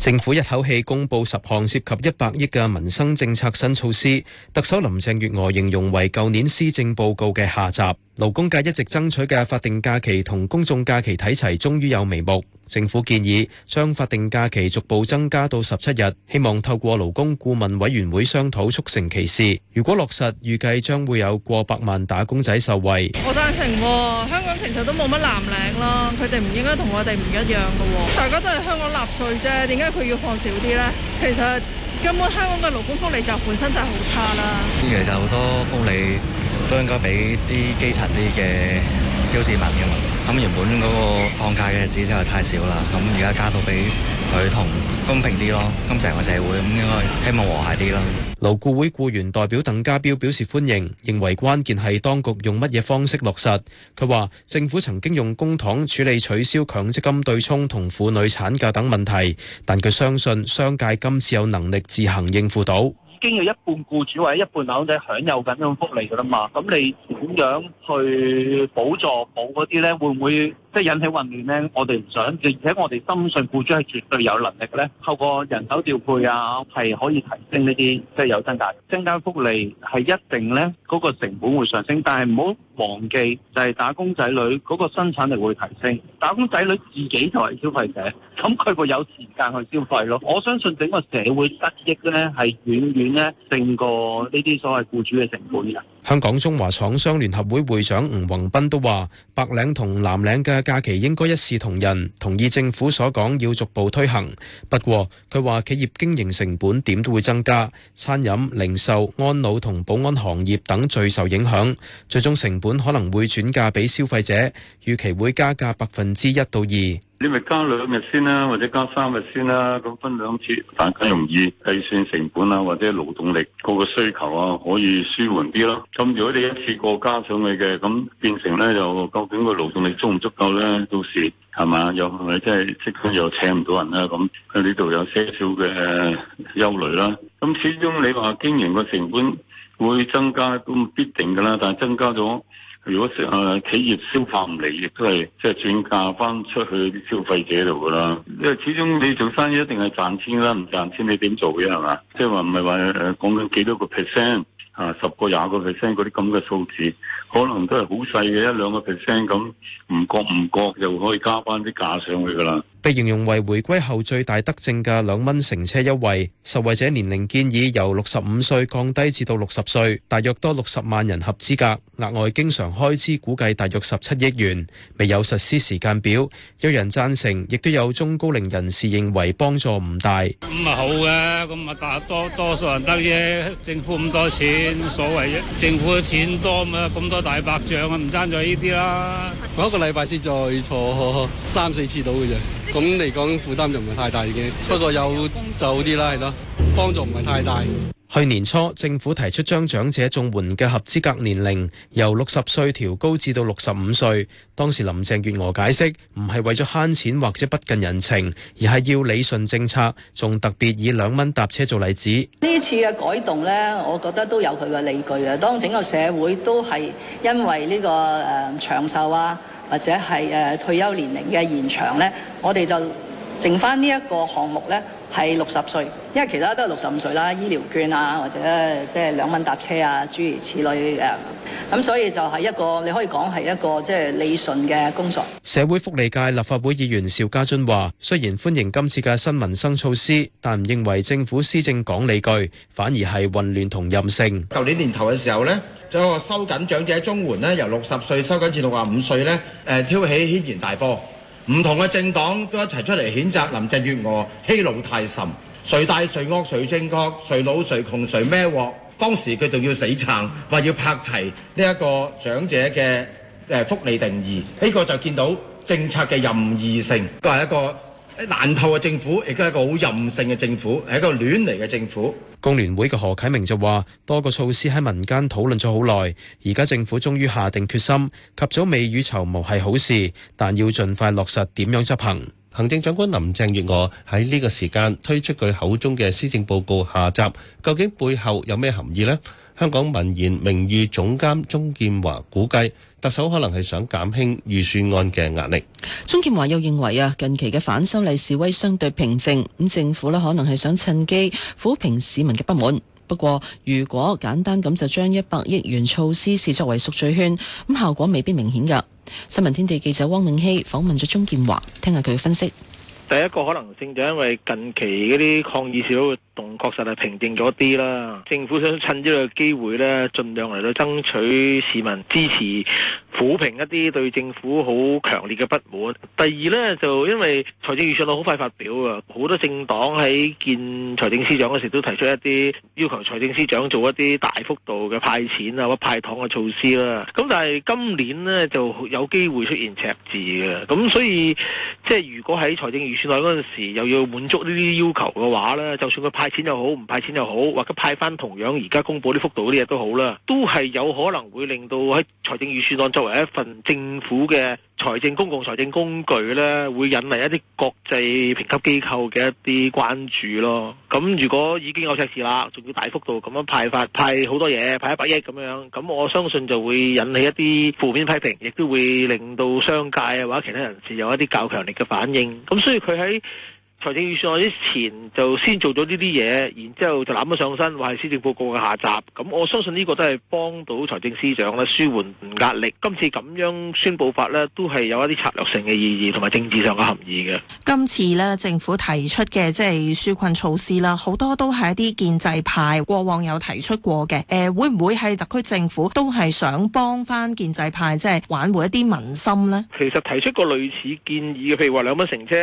政府一口氣公布十項涉及一百億嘅民生政策新措施，特首林鄭月娥形容為舊年施政報告嘅下集。勞工界一直爭取嘅法定假期同公眾假期睇齊，終於有眉目。政府建議將法定假期逐步增加到十七日，希望透過勞工顧問委員會商討促成其事。如果落實，預計將會有過百萬打工仔受惠。我贊成，香港其實都冇乜藍領啦，佢哋唔應該同我哋唔一樣噶。大家都係香港納稅啫，點解？佢要放少啲咧，其實根本香港嘅勞工福利就本身就係好差啦。其實好多福利都應該俾啲基層啲嘅小市民嘅。咁、嗯、原本嗰個放假嘅日子真係太少啦，咁而家加到俾佢同公平啲咯，咁成個社會咁應該希望和諧啲啦。勞顧會僱員代表鄧家彪表示歡迎，認為關鍵係當局用乜嘢方式落實。佢話政府曾經用公帑處理取消強積金對沖同婦女產假等問題，但佢相信商界今次有能力自行應付到。經有一半僱主或者一半樓主享有緊呢福利㗎啦嘛，咁你點樣去補助補嗰啲咧？會唔會？即係引起混亂咧，我哋唔想，而且我哋深信僱主係絕對有能力咧，透過人手調配啊，係可以提升呢啲即係有增加增加福利，係一定咧嗰個成本會上升，但係唔好忘記就係打工仔女嗰個生產力會提升，打工仔女自己就係消費者，咁佢會有時間去消費咯。我相信整個社會得益咧係遠遠咧勝過呢啲所謂僱主嘅成本㗎。香港中華廠商聯合會會長吳宏斌都話：白領同藍領嘅。假期應該一視同仁，同意政府所講要逐步推行。不過，佢話企業經營成本點都會增加，餐飲零售、安老同保安行業等最受影響，最終成本可能會轉嫁俾消費者，預期會加價百分之一到二。你咪加兩日先啦、啊，或者加三日先啦、啊，咁分兩次，但更容易計算成本啊，或者勞動力個個需求啊，可以舒緩啲咯。咁如果你一次過加上去嘅，咁變成咧又究竟個勞動力足唔足夠咧？到時係嘛，又係咪即係即刻又請唔到人啦、啊。咁喺呢度有些少嘅憂慮啦。咁始終你話經營個成本會增加都必定噶啦，但係增加咗。如果誒、啊、企業消化唔嚟，亦都係即係轉嫁翻出去啲消費者度噶啦。因為始終你做生意一定係賺錢啦，唔賺錢你點做嘅？係嘛？即係話唔係話誒講緊幾多個 percent。啊，十個廿個 percent 嗰啲咁嘅數字，可能都係好細嘅一兩個 percent 咁，唔覺唔覺又可以加翻啲價上去噶啦。被形容為回歸後最大德政嘅兩蚊乘車優惠，受惠者年齡建議由六十五歲降低至到六十歲，大約多六十萬人合資格，額外經常開支估計大約十七億元，未有實施時間表。有人贊成，亦都有中高齡人士認為幫助唔大。咁啊好嘅，咁啊大多多數人得益。政府咁多錢。所謂啫，政府嘅錢多嘛，咁多大白象，啊，唔爭在呢啲啦。我一個禮拜先再坐三四次到嘅啫，咁嚟講負擔就唔係太大嘅。不過有就好啲啦，係咯，幫助唔係太大。去年初，政府提出將長者綜援嘅合資格年齡由六十歲調高至到六十五歲，當時林鄭月娥解釋唔係為咗慳錢或者不近人情，而係要理順政策，仲特別以兩蚊搭車做例子。呢次嘅改動咧，我覺得都有佢嘅理據啊，當整個社會都係因為呢個誒長壽啊，或者係誒退休年齡嘅延長咧，我哋就剩翻呢一個項目咧，係六十歲，因為其他都係六十五歲啦，醫療券啊，或者即係兩蚊搭車啊，諸如此類誒，咁所以就係一個你可以講係一個即係理順嘅工作。社會福利界立法會議員邵家臻話，雖然歡迎今次嘅新民生措施，但唔認為政府施政講理據，反而係混亂同任性。舊年年頭嘅時候咧，即係我收緊長者綜援咧，由六十歲收緊至六十五歲咧，誒挑起軒然大波。唔同嘅政黨都一齊出嚟譴責林鄭月娥欺老太甚，誰大誰惡誰正確，誰老誰窮誰孭鍋。當時佢仲要死撐，話要拍齊呢一個長者嘅福利定義，呢、呢個就見到政策嘅任意性，係一個。難透嘅政府亦都係一個好任性嘅政府，係一個亂嚟嘅政府。政府工聯會嘅何啟明就話：多個措施喺民間討論咗好耐，而家政府終於下定決心及早未雨綢繆，係好事，但要盡快落實點樣執行。行政長官林鄭月娥喺呢個時間推出佢口中嘅施政報告下集，究竟背後有咩含義呢？香港文言名譽總監鍾建華估計，特首可能係想減輕預算案嘅壓力。鍾建華又認為啊，近期嘅反修例示威相對平靜，咁政府咧可能係想趁機撫平市民嘅不滿。不過，如果簡單咁就將一百億元措施視作為贖罪券，咁效果未必明顯㗎。新聞天地記者汪永熙訪問咗鍾建華，聽下佢嘅分析。第一個可能性就因為近期嗰啲抗議小活動確實係平靜咗啲啦，政府想趁呢個機會呢，盡量嚟到爭取市民支持，撫平一啲對政府好強烈嘅不滿。第二呢，就因為財政預算都好快發表啊，好多政黨喺見財政司長嗰時都提出一啲要求，財政司長做一啲大幅度嘅派錢啊或者派糖嘅措施啦。咁但係今年呢，就有機會出現赤字嘅，咁所以即係如果喺財政預算，算來嗰陣時又要滿足呢啲要求嘅話咧，就算佢派錢又好，唔派錢又好，或者派翻同樣而家公布啲幅度嗰啲嘢都好啦，都係有可能會令到喺財政預算案作為一份政府嘅。財政公共財政工具咧，會引嚟一啲國際評級機構嘅一啲關注咯。咁如果已經有赤字啦，仲要大幅度咁樣派發，派好多嘢，派一百億咁樣，咁我相信就會引起一啲負面批評，亦都會令到商界啊或者其他人士有一啲較強力嘅反應。咁所以佢喺。財政預算案之前就先做咗呢啲嘢，然之後就攬咗上身話係施政報告嘅下集，咁我相信呢個都係幫到財政司長啦，舒緩壓力。今次咁樣宣佈法咧，都係有一啲策略性嘅意義同埋政治上嘅含義嘅。今次咧，政府提出嘅即係紓困措施啦，好多都係一啲建制派過往有提出過嘅。誒、呃，會唔會係特區政府都係想幫翻建制派，即係挽回一啲民心呢？其實提出過類似建議嘅，譬如話兩蚊乘車，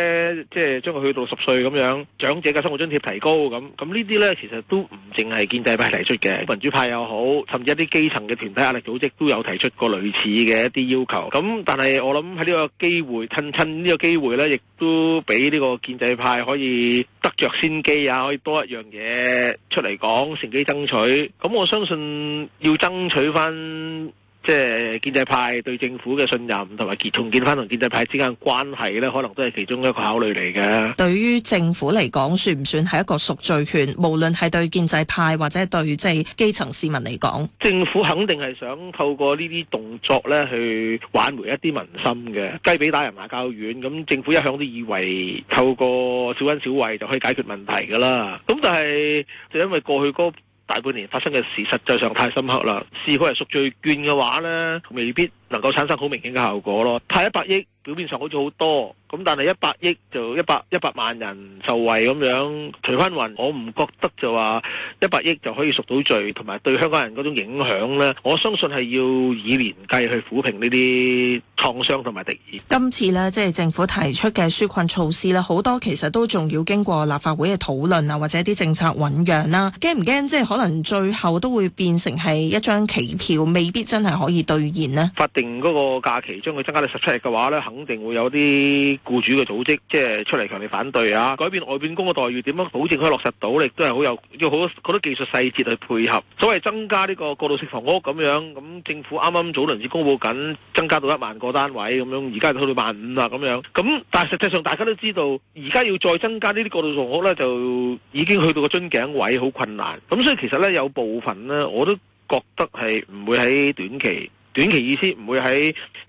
即係將佢去到。十歲咁樣，長者嘅生活津貼提高咁，咁呢啲呢，其實都唔淨係建制派提出嘅，民主派又好，甚至一啲基層嘅團體、壓力組織都有提出過類似嘅一啲要求。咁但係我諗喺呢個機會，趁趁呢個機會呢，亦都俾呢個建制派可以得著先機啊，可以多一樣嘢出嚟講，乘機爭取。咁我相信要爭取翻。即係建制派對政府嘅信任，同埋重建返同建制派之間嘅關係咧，可能都係其中一個考慮嚟嘅。對於政府嚟講，算唔算係一個贖罪券？無論係對建制派或者係對即係基層市民嚟講，政府肯定係想透過呢啲動作咧，去挽回一啲民心嘅。雞髀打人牙骹軟，咁政府一向都以為透過小恩小惠就可以解決問題噶啦。咁但係就因為過去嗰大半年發生嘅事，實際上太深刻啦。試佢係贖罪券嘅話咧，未必。能夠產生好明顯嘅效果咯，派一百億表面上好似好多，咁但係一百億就一百一百萬人受惠咁樣，除翻雲，我唔覺得就話一百億就可以贖到罪，同埋對香港人嗰種影響呢，我相信係要以年計去撫平呢啲創傷同埋敵意。今次呢，即係政府提出嘅紓困措施咧，好多其實都仲要經過立法會嘅討論啊，或者啲政策醖釀啦，驚唔驚？即係可能最後都會變成係一張期票，未必真係可以兌現呢。定嗰個假期將佢增加到十七日嘅話呢，肯定會有啲僱主嘅組織，即係出嚟強烈反對啊！改變外僱工嘅待遇，點樣保證佢落實到，亦都係好有要好多好多技術細節去配合。所謂增加呢個過渡性房屋咁樣，咁政府啱啱早輪至公佈緊增加到一萬個單位咁樣，而家就去到萬五啦咁樣。咁但係實際上大家都知道，而家要再增加呢啲過渡房屋呢，就已經去到個樽頸位，好困難。咁所以其實呢，有部分呢，我都覺得係唔會喺短期。短期意思唔會喺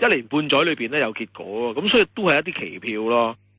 一年半載裏邊咧，有結果，咁所以都係一啲期票咯。